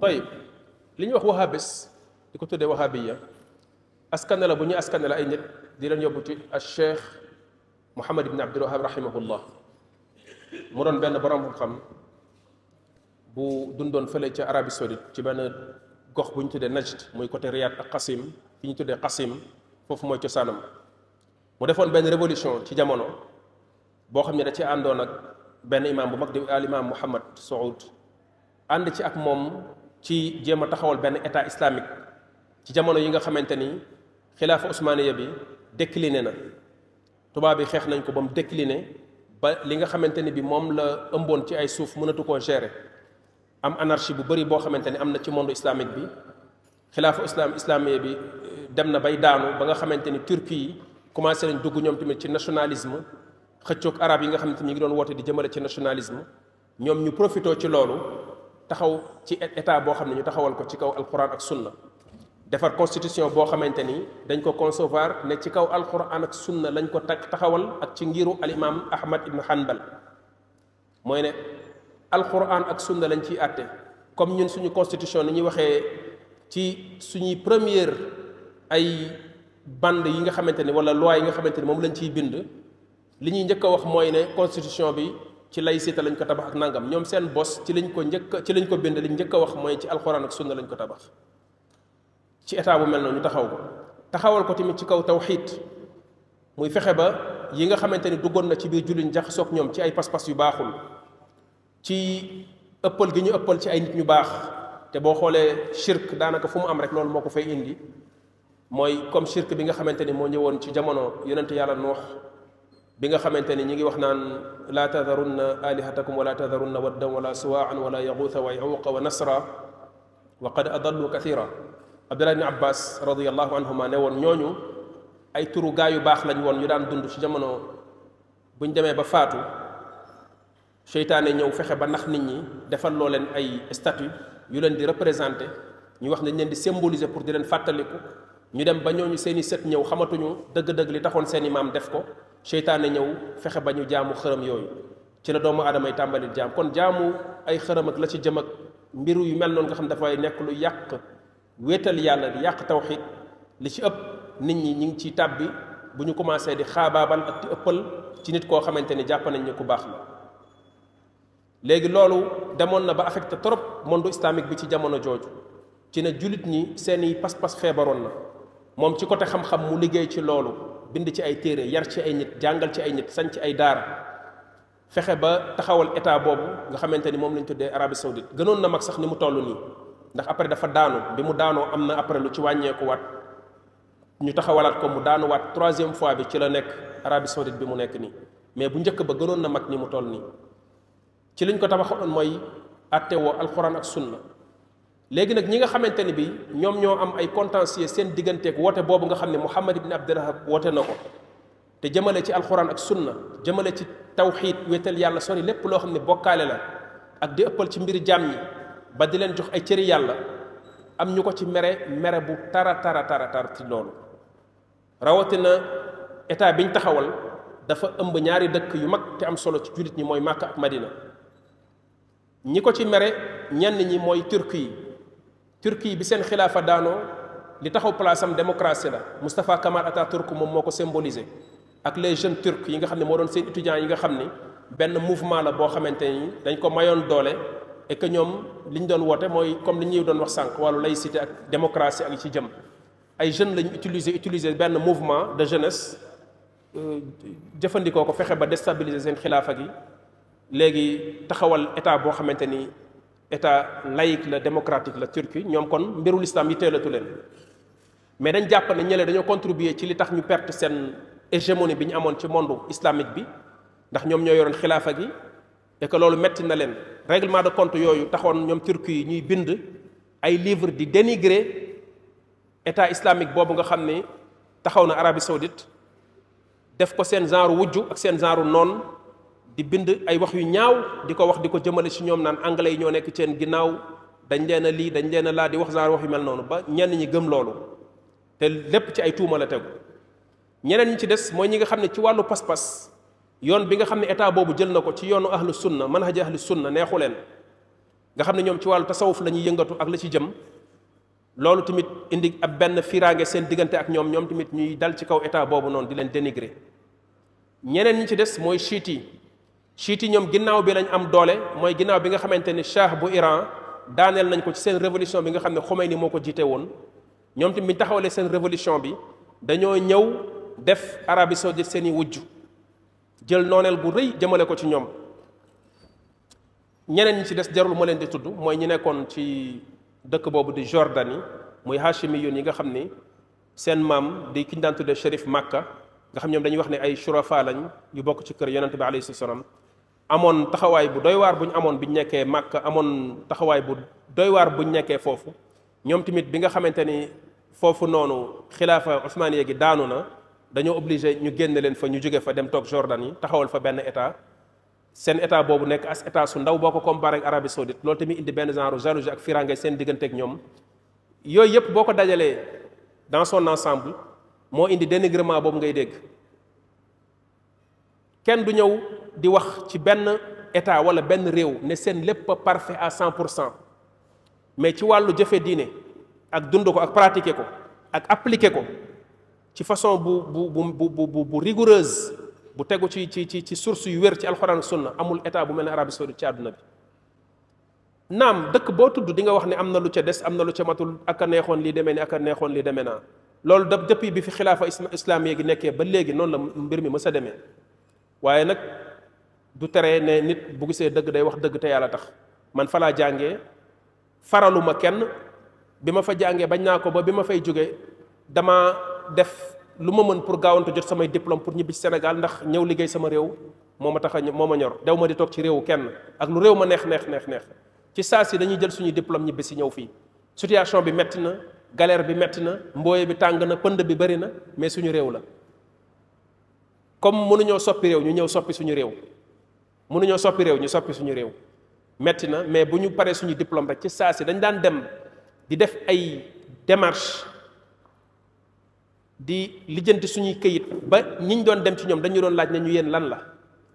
طيب لين يوخ وهابس ديكو تودي وهابيه اسكان لا بني اسكان لا اي نيت دي لن الشيخ محمد بن عبد الوهاب رحمه الله مورون بن بروم خم بو دوندون فلي تي عربي سعودي تي بن غوخ بو نتي نجد موي كوتي رياض القاسم في نتي دي قاسم فوف موي تي سانم مو ديفون بن ريفولوشن تي جامونو بو خم ني دا تي اندون بن امام بو مك دي امام محمد سعود اند تي اك موم ci jéem a taxawal benn état islamique ci jamono yi nga xamante ni xilaafa osmaniya bi décliné na tubaab bi xeex nañ ko ba mu décliné ba li nga xamante ni bi moom la ëmboon ci ay suuf mënatu koo gérer am anarchie bu bëri boo xamante ni am na ci monde islamique bi xilaafa islam islamiya bi euh, dem na bay daanu ba nga xamante ni turki yi commencé nañ dugg ñoom tamit ci nationalisme xëccoog arab yi nga xamante ni ñu ngi doon woote di jëmale ci nationalisme ñoom ñu profité ci loolu taxaw ci état boo xam ne ñu taxawal ko ci kaw al alquran ak sunna defar constitution boo xamante ni dañ ko concevoir ne ci kaw alquran ak sunna lañ ko takk taxawal ak ci ngiru alimam ahmad ibn hanbal mooy ne alquran ak sunna lañ ciy àtte comme ñun suñu constitution ni ñuy waxee ci suñuy première ay band yi nga xamante ni wala loi yi nga xamante ni moom lañ ciy bind li ñuy njëkk a wax mooy ne constitution bi ci lay laïcité lañ ko tabax ak nangam ñoom seen bos ci lañ ko njëkk ci lañ ko bind liñ njëkk a wax mooy ci alxuraan ak sunna lañ ko tabax ci état bu mel noonu ñu taxaw ko taxawal ko tamit ci kaw tawxiit muy fexe ba yi nga xamante ni duggoon na ci biir julliñ jaxasoog ñoom ci ay pas-pas yu baaxul ci ëppal gi ñu ëppal ci ay nit ñu baax te boo xoolee shirk daanaka fu mu am rek loolu moo ko fay indi mooy comme shirk bi nga xamante ni moo ñëwoon ci jamono yonente yàlla noox bi nga xamante ni ñi ngi wax naan laa tadarunna alihatakum wala tadarunna waddan wala suwaan wala yaguutha wa yaquuqa wa nasra wa qad adallu kathira abdullah ibni abbas radiallahu anhuma ne woon ñooñu ay turu gaa yu baax lañ woon ñu daan dund ci jamono buñ demee ba faatu seytaane ñëw fexe ba nax nit ñi defal loo leen ay statut yu leen di représenté ñu wax nañ leen di symboliser pour di leen fàttaliku ñu dem ba ñooñu seen i sët ñëw xamatuñu dëgg-dëgg li taxoon seen i def ko seytaane ñëw fexe ba ñu jaamu xërëm yooyu ci la doomu aadama yi tàmbali jaam kon jaamu ay xërëm ak la ci jëm ak mbiru yu mel noonu nga xam dafay nekk lu yàq wéetal yàlla di yàq tawxid li ci ëpp nit ñi ñu ngi ci tàbbi bu ñu commencé di xaabaabal ak di ëppal ci nit koo xamante ni jàpp nañ ne ku baax la léegi loolu demoon na ba affecté trop monde islamique bi ci jamono jooju ci ne jullit ñi seeni pas-pas feebaroon na moom ci côté xam-xam mu liggéey ci loolu bind ci ay téré yar ci ay nit jàngal ci ay nit sañ ci ay dar fexe ba taxawal état bobu nga xamanteni mom lañ tuddé arabie saoudite gënon na mak sax ni mu tollu ni ndax après dafa daanu bi mu daanoo amna après lu ci wàññeeku wat ñu taxawalat ko mu 3e fois bi ci la nek arabie saoudite bi mu nek ni mais bu ñëk ba gënon na mak ni mu toll ni ci liñ ko tabaxoon moy àtte wo alcorane ak sunna léegi nag ñi nga xamante ni bi ñoom ñoo am ay contentieux seen digganteek woote boobu nga xam ne Muhammad ibn Abdirahab woote na ko te jëmale ci alxuraan ak sunna jëmale ci tawxiid wéetal yàlla sori lépp loo xam ne bokkaale la ak di ëppal ci mbiri jaam ñi ba di leen jox ay cëri yàlla am ñu ko ci mere mere bu tara tara tara tar ci loolu rawatina état biñ taxawal dafa ëmb ñaari dëkk yu mag te am solo ci jullit ñi mooy Màkka ak Madina ñi ko ci mere ñenn ñi mooy turki yi turquie bi seen xilaafa daanoo li taxaw place am démocratie la Moustapha Kamal Atatürk moom moo ko symbolisé ak les jeunes turcs yi nga xam ne moo doon seen étudiants yi nga xam ni benn mouvement la boo xamante ni dañ ko mayoon doole et que ñoom li ñu doon woote mooy comme li ñuy doon wax sànq wàllu laïcité ak démocratie ak ci jëm ay jeunes lañu utiliser utiliser benn mouvement de jeunesse jëfandikoo ko fexe ba déstabiliser seen xilaafa gi léegi taxawal état boo xamante ni état laïque la démocratique la Turquie ñom kon mbirul islam yi teelatu len mais dañ japp ne ñele dañoo contribuer ci li tax ñu perte sen hégémonie bi ñu ci monde islamique bi ndax ñom ño yoron khilafa gi et que lolu metti na len règlement de compte yoyu taxone ñom Turquie yi ñuy bind ay livre di dénigrer état islamique bobu nga xam taxaw na Arabie Saoudite def ko sen genre wujju ak sen genre non di bind ay wax yu ñaaw di ko wax di ko jëmale si ñoom naan anglais yi ñoo nekk seen ginnaaw dañ leen lii dañ leen a laa di wax genre wax yu mel noonu ba ñenn ñi gëm loolu te lépp ci ay tuuma la tegu ñeneen ñi ci des mooy ñi nga xam ne ci wàllu pas yoon bi nga xam ne état boobu jël na ko ci yoonu ahlu sunna manhaji ahlu sunna neexu leen nga xam ne ñoom ci wàllu tasawuf la ñuy yëngatu ak la ci jëm loolu tamit indi ab benn firange seen diggante ak ñoom ñoom tamit ñuy dal ci kaw état boobu noonu di leen dénigrer ñeneen ñi ci des mooy chiite شيتي نيوم غيناو بي لاني ام دوله موي غيناو بيغا خامتاني شاه بو ايران دانيل نان كو سين ريفولوسيون بيغا خامني خوميني موكو جيتي وون نيوم تي مي تاخاولي سين ريفولوسيون بي دانيو نييو ديف عربي سعودي سيني وجو جيل نونيل بو ري جامالي كو تي نيوم نينن ني سي ديس جارول مولين دي تود موي ني نيكون تي دك بوبو دي جورداني موي هاشمي يون ييغا خامني سين مام دي كينتانتو دي شريف مكه nga xam ñoom dañuy wax ne ay shurafa lañ yu bokk ci kër yonante bi alayhi salaam amoon taxawaay bu doy waar bu ñu amoon bu ñu nekkee màkk amoon taxawaay bu doy waar bu ñu nekkee foofu ñoom tamit bi nga xamante ni foofu noonu xilaafa osmaniya gi daanu na dañoo obligé ñu génn leen fa ñu jóge fa dem toog Jordan yi taxawal fa benn état seen état boobu nekk as état su ndaw boo ko comparé ak Arabie Saoudite loolu tamit indi benn genre jalousie ak firange seen digganteeg ñoom yooyu yëpp boo ko dajalee dans son ensemble moo indi dénigrement boobu ngay dégg kenn du ñëw. di wax ci benn état wala benn réew ne seen lépp parfait à 100 pour cent mais ci wàllu jëfe diine ak dund ko ak pratiquer ko ak appliquer ko ci façon bu bu bu bu bu bu rigoureuse bu tegu ci ci ci ci source yu wér ci alxuraan sunna amul état bu mel ne arabie saoudite ci àdduna bi naam dëkk boo tudd di nga wax ne am na lu ca des am na lu ca matul ak a neexoon lii demee ni ak a neexoon lii demee naa loolu dab depuis bi fi xilaafa islamiye gi nekkee ba léegi noonu la mbir mi mës a demee waaye nag du tere ne nit bu gisee dëgg day wax dëgg te yàlla tax man fa laa jàngee faraluma kenn bi ma fa jàngee bañ naa ko ba bi ma fay jóge dama def lu ma mën pour gaawantu jot samay diplôme pour ñibbi ci Sénégal ndax ñëw liggéey sama réew moo ma tax a moo ma ñor dew ma di toog ci réewu kenn ak lu réew ma neex neex neex neex ci saa si dañuy jël suñuy diplôme ñibbi si ñëw fii situation bi metti na galère bi metti na mbooye bi tàng na pënd bi bëri na mais suñu réew la comme mënuñoo soppi réew ñu ñëw soppi suñu réew munuñoo soppi réew ñu soppi suñu réew metti na mais bu ñu paree suñu diplôme rek ci saa si dañ daan dem di def ay démarche di lijjanti suñuy këyit ba ñiñ doon dem ci ñoom dañu doon laaj ne ñu yéen lan la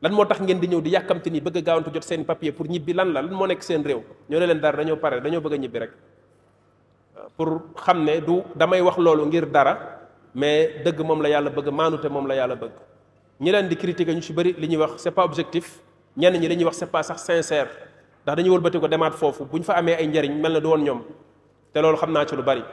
lan moo tax ngeen di ñëw di yàkkamti ni bëgg a gaawantu jot seen papier pour ñibbi lan la lan moo nekk seen réew ñoo ne leen dara dañoo pare dañoo bëgg ñibbi rek pour xam ne du damay wax loolu ngir dara mais dëgg moom la yàlla bëgg maanute moom la yàlla bëgg ñi leen di critiquer ñu ci bëri li ñuy wax c'est pas objectif ñenn ñi dañuy wax c'est pas sax sincère ndax dañu wëlbati ko demaat foofu bu ñu fa amee ay njariñ mel na du woon ñoom te loolu xam naa ci lu bari